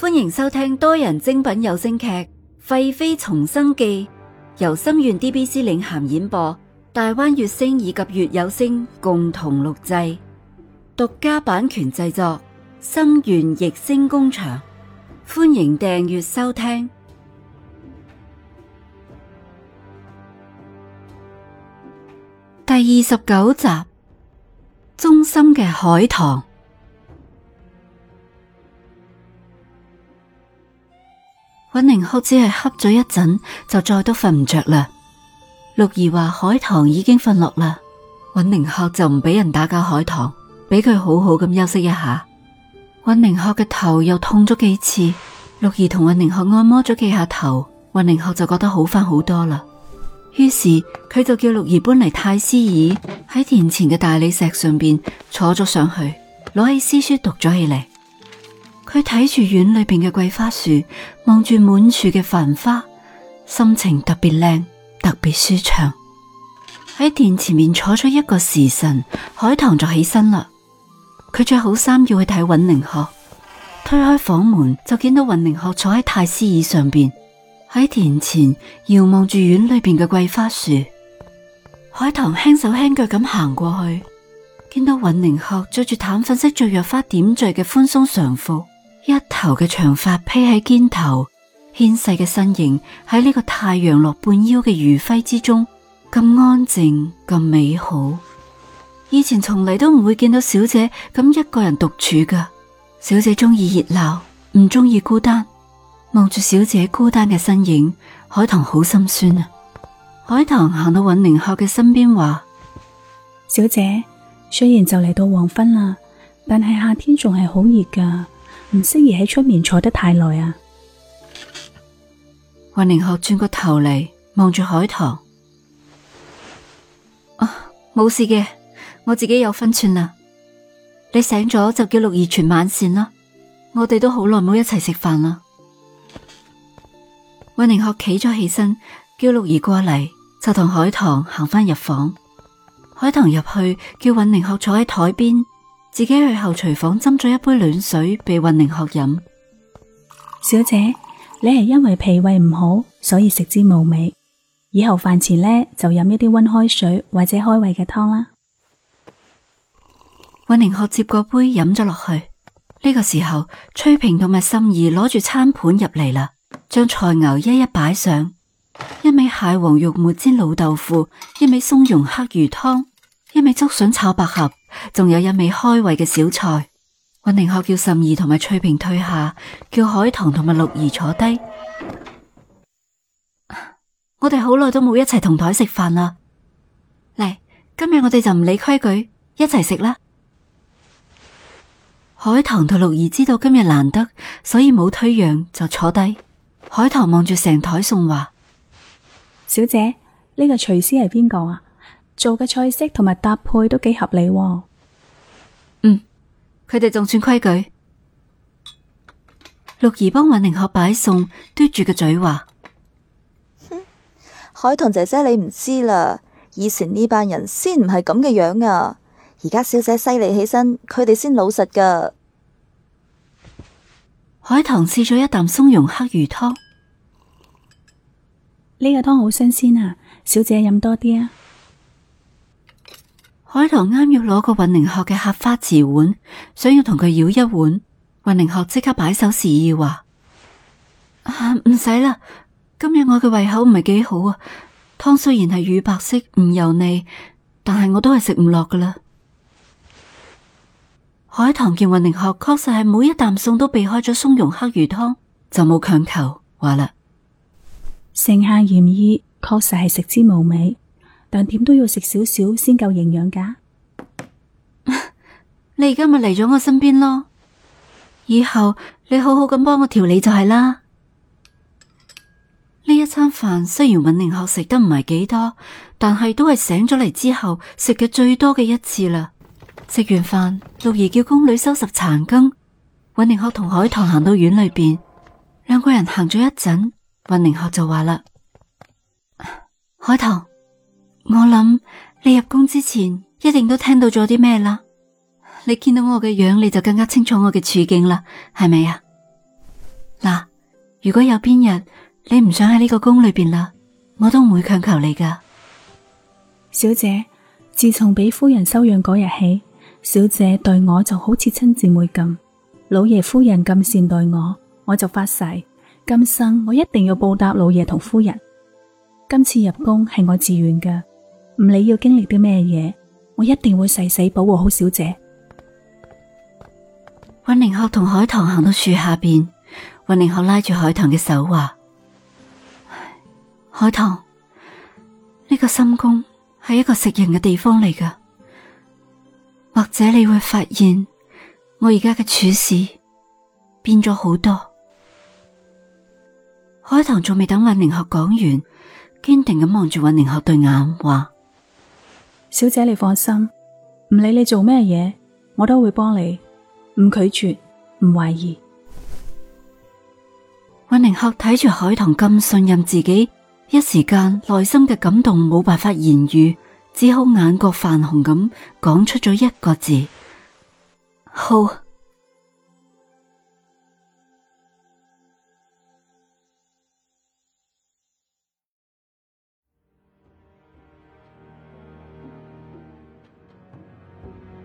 歡迎收聽多人精品有聲劇《廢妃重生記》，由心願 DBC 領銜演播，大灣月星以及月有聲共同錄製，獨家版權製作，心願逸星工廠。歡迎訂閱收聽第二十九集《忠心嘅海棠》。尹寧鶴只係瞌咗一陣，就再都瞓唔着啦。六兒話海棠已經瞓落啦，尹寧鶴就唔俾人打攪海棠，俾佢好好咁休息一下。尹寧鶴嘅頭又痛咗幾次，六兒同尹寧鶴按摩咗幾下頭，尹寧鶴就覺得好翻好多啦。於是佢就叫六兒搬嚟太師椅，喺田前嘅大理石上邊坐咗上去，攞起詩書讀咗起嚟。佢睇住院裏邊嘅桂花樹，望住滿樹嘅繁花，心情特別靚，特別舒暢。喺田前面坐咗一個時辰，海棠就起身啦。佢着好衫要去睇允寧鶴，推開房門就見到允寧鶴坐喺太師椅上邊，喺田前遙望住院裏邊嘅桂花樹。海棠輕手輕腳咁行過去，見到允寧鶴着住淡粉色芍藥花點綴嘅寬鬆長褲。一頭嘅長髮披喺肩頭，纖細嘅身形喺呢個太陽落半腰嘅餘暉之中，咁安靜，咁美好。以前從嚟都唔會見到小姐咁一個人獨處噶。小姐中意熱鬧，唔中意孤單。望住小姐孤單嘅身影，海棠好心酸啊！海棠行到尹寧鶴嘅身邊話：小姐雖然就嚟到黃昏啦，但係夏天仲係好熱噶。唔適宜喺出面坐得太耐啊！運寧學轉個頭嚟望住海棠，啊，冇事嘅，我自己有分寸啦。你醒咗就叫六兒傳晚膳啦。我哋都好耐冇一齊食飯啦。運寧學企咗起身，叫六兒過嚟，就同海棠行翻入房。海棠入去，叫運寧學坐喺台邊自己去後廚房斟咗一杯暖水俾運寧學飲。小姐，你係因為脾胃唔好，所以食之無味。以後飯前呢，就飲一啲溫開水或者開胃嘅湯啦。運寧學接過杯飲咗落去。呢個時候，崔平同埋心儀攞住餐盤入嚟啦，將菜餚一一擺上：一味蟹黃肉末煎老豆腐，一味松茸黑魚湯，一味竹筍炒百合。仲有一味開胃嘅小菜。溫庭鶴叫心怡同埋翠平退下，叫海棠同埋六兒坐低。 我哋好耐都冇一齊同台食飯啦，嚟，今日我哋就唔理規矩，一齊食啦。 海棠同六兒知道今日難得，所以冇推讓就坐低。海棠望住成台餸話，小姐，呢個廚師係邊個啊？做嘅菜式同埋搭配都幾合理、啊，嗯，佢哋仲算規矩。六兒幫雲寧學擺餸，嘟住個嘴話：，哼，海棠姐姐你唔知啦，以前呢班人先唔係咁嘅樣,樣啊，而家小姐犀利起身，佢哋先老實噶。海棠試咗一啖松茸黑魚湯，呢個湯好新鮮啊，小姐飲多啲啊！海棠啱要攞個運寧學嘅客花瓷碗，想要同佢舀一碗，運寧學即刻擺手示意話：啊，唔使啦，今日我嘅胃口唔係幾好啊。湯雖然係乳白色，唔油膩，但係我都係食唔落噶啦。海棠見運寧學確實係每一啖餸都避開咗松茸黑魚湯，就冇強求，話啦，盛下嫌意確實係食之無味。但點都要食少少先夠營養噶。 你而家咪嚟咗我身邊咯，以後你好好咁幫我調理就係啦。呢一餐飯雖然尹寧學食得唔係幾多，但係都係醒咗嚟之後食嘅最多嘅一次啦。食完飯，六兒叫宮女收拾殘羹。尹寧學同海棠行到院裏面，兩個人行咗一陣，尹寧學就話啦：海棠。我諗你入宮之前一定都聽到咗啲咩啦。你見到我嘅樣，你就更加清楚我嘅處境啦，係咪啊？嗱，如果有邊日你唔想喺呢個宮裏邊啦，我都唔會強求你噶。小姐，自從俾夫人收養嗰日起，小姐對我就好似親姊妹咁。老爺夫人咁善待我，我就發誓今生我一定要報答老爺同夫人。今次入宮係我自願嘅。唔理要經歷啲咩嘢，我一定會誓死保護好小姐。溫寧學同海棠行到樹下邊，溫寧學拉住海棠嘅手話：海棠，呢個深宮係一個食人嘅地方嚟噶，或者你會發現我而家嘅處事變咗好多。海棠仲未等溫寧學講完，堅定咁望住溫寧學對眼話。小姐，你放心，唔理你做咩嘢，我都會幫你，唔拒絕，唔懷疑。尹寧客睇住海棠咁信任自己，一時間內心嘅感動冇辦法言語，只好眼角泛紅咁講出咗一個字：好。